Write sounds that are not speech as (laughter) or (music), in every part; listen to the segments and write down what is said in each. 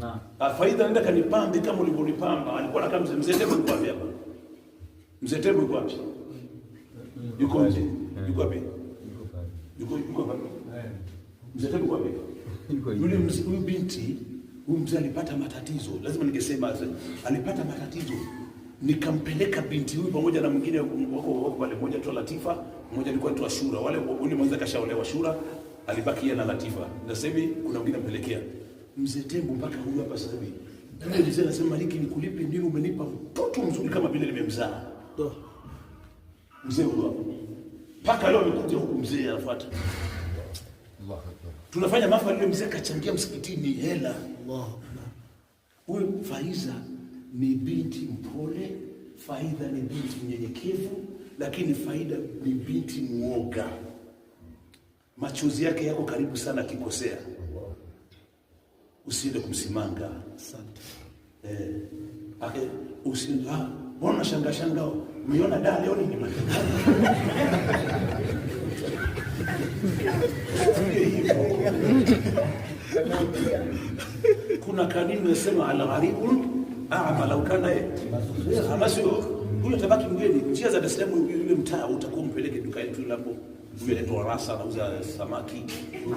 Na ah, Faida nenda kanipambe kama ulivyonipamba. Alikuwa anakaa mzee mzee Tebo yuko wapi hapa? Mzee Tebo yuko wapi? Mm. Yuko nje. Mm. Yuko wapi? Yuko yuko wapi? Eh. Mzee Tebo yuko wapi? (laughs) Yule mzee huyu binti huyu mzee alipata matatizo. Lazima ningesema alipata matatizo. Nikampeleka binti huyu pamoja na mwingine wako wako pale, mmoja tu Latifa, mmoja alikuwa tu Ashura. Wale yule mwanzo kashaolewa Ashura, alibakia na Latifa. Na sasa hivi kuna mwingine mpelekea mzee Tembo mpaka huyu hapa sasa hivi. Yule mzee anasema Liki, ni kulipi nini, umenipa mtoto mzuri kama vile nimemzaa. Mzee huyu hapa. Paka leo nikuja huku mzee anafuata. Allah Akbar. Tunafanya mafa ile mzee kachangia msikitini hela. Allah Akbar. Huyu Faiza ni binti mpole, Faida ni binti mnyenyekevu, lakini Faida ni binti muoga. Machozi yake yako karibu sana akikosea usiende kumsimanga. Asante. Eh, ake usi ah, mbona shanga shanga Umeona da leo ni kuna kanuni nasema algharibu a'ma law kana eh. ah, basi huyo tabaki mgeni njia za Dar es Salaam, yule mtaa utakuwa mpeleke duka letu lapo huyu anaitwa Rasa anauza samaki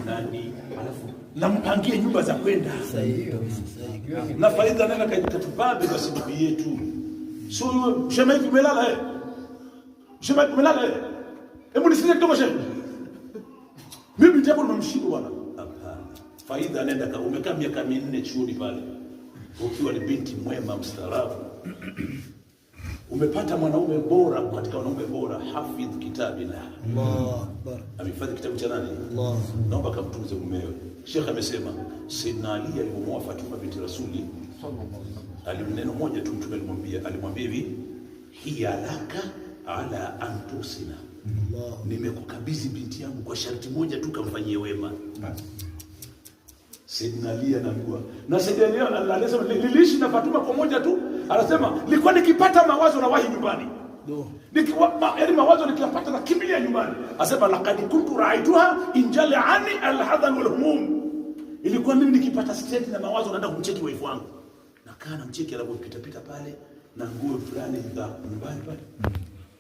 nani, alafu nampangie nyumba za kwenda na faida, nenda katupande basi bibi yetu. Sio shemeji umelala eh, shemeji umelala eh, hebu nisikie kidogo shemeji, mimi ndipo nimemshinda bwana. Hapana, faida nenda ka umekaa miaka minne chuoni pale, ukiwa ni binti mwema mstaarabu Umepata mwanaume bora katika wanaume bora, hafidh kitabina Allah, amehifadhi kitabu cha nani? Allah, naomba kamtunze mumewe. Sheikh amesema Sayyidina Ali alimuoa Fatima binti Rasuli alimneno moja tu, mtume alimwambia, alimwambia hivi hiya laka ala an tusina, nimekukabidhi binti yangu kwa sharti moja tu, kamfanyie wema. Saidina Ali anamjua. Na Saidina Ali anasema niliishi na Fatuma pamoja tu. Anasema nilikuwa nikipata mawazo na wahi nyumbani. No. Nikiwa ma, yani mawazo nikiyapata na kimbilia nyumbani. Anasema laqad kuntu ra'aituha injali ani alhadan walhumum. Ilikuwa mimi nikipata stress na mawazo naenda kumcheki wife wangu. Nakaa namcheki anapopita pita pale na nguo fulani za nyumbani pale.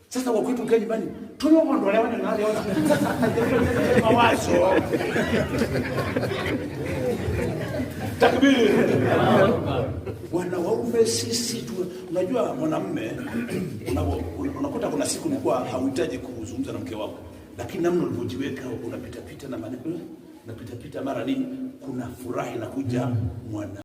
Sasa kwa kwetu mkae nyumbani, tuyo ndo anaona na mawazo. Takbiri. Wanaume sisi tu, unajua mwanamume unakuta kuna siku kwa hauhitaji kuzungumza na mke wako, lakini namna ulivyojiweka unapitapita na maneno eh, pita mara nini kuna furaha inakuja mwana